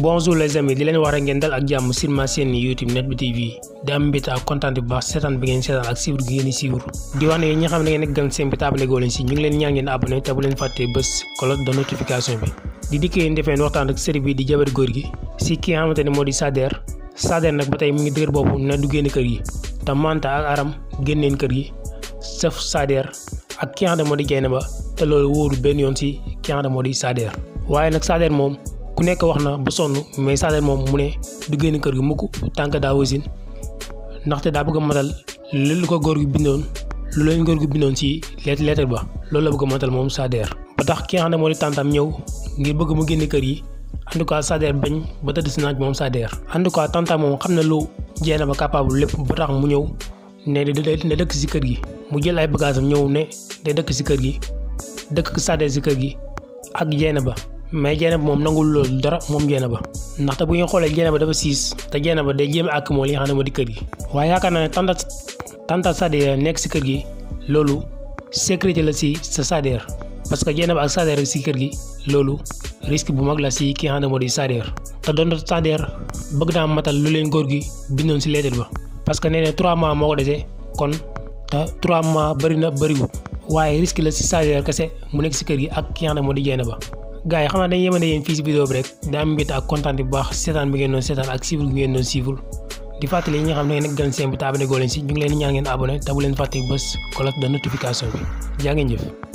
bonjour les amis di leen wax rek ngeen dal ak jàmm sur ma chaîne YouTube Net Bi TV di am mbégte ak kontaan bu baax seetaan bi ngeen seetaan ak suivre gi ngeen di suivre di wax na yéen ñi xam ne ngeen gan seen bi table goo leen ñu ngi leen ñaan ngeen abonné te bu leen fàttee bés cloche de notification bi di dikkee yéen defeen waxtaan ak série di jabar góor gi si ki nga ne moo di Sader Sader nag ba tey mu ngi dëgër boobu na du génn kër gi te Manta ak Aram génneen moo di Jeynaba te loolu wóoru benn yoon si ki nga moo di Sader waaye nag ku nekk wax na ba sonn mais Sadio moom mu ne du génn kër gi mukk tànk daa wasin ndaxte daa bëgg a matal lu ko góor gi bindoon lu leen góor gi bindoon ci lettre lettre ba loolu la bëgg a matal moom Sadio ba tax ki nga moo di tàntam ñëw ngir bëgg mu génn kër yi en tout cas Sadio bañ ba tëdd si naaj moom Sadio en tout cas tàntam moom xam na lu jeex ba capable lépp ba tax mu ñëw ne da dëkk si kër gi mu jël ay bagaasam ñëw ne de dëkk si kër gi dëkk Sadio si kër gi ak jeex ba. mais Dieynaba moom nangul loolu dara moom Dieynaba ndaxte bu ñu xoolee ba dafa siis te Dieynaba day jéem a àkk moo li xam ne moo di kër gi waaye yaakaar naa ne tanta tanta Sadeer nekk si kër gi loolu sécurité la si sa Sadeer parce que Dieynaba ak Sadeer si kër gi loolu risque bu mag la si ki xam ne moo di Sadeer te doon Sadeer bëgg naa matal lu leen góor gi bindoon si lettre ba parce que nee na trois mois moo ko dese kon te trois mois bëri na bëriwul waaye risque la si Sadeer kese mu nekk si kër gi ak ki moo di Dieynaba gars yi xam naa dañuy yemane yéen fii si vidéo bi rek daa am ak kontaan bu baax seetaan bi ngeen doon seetaan ak siiwul bi ngeen doon siiwul di fàttali yi nga xam ne ngeen gën seen bi te abonné goo ñu ngi leen ñaan ngeen abonné te leen fàtte bés cloche de notification bi jaa ngeen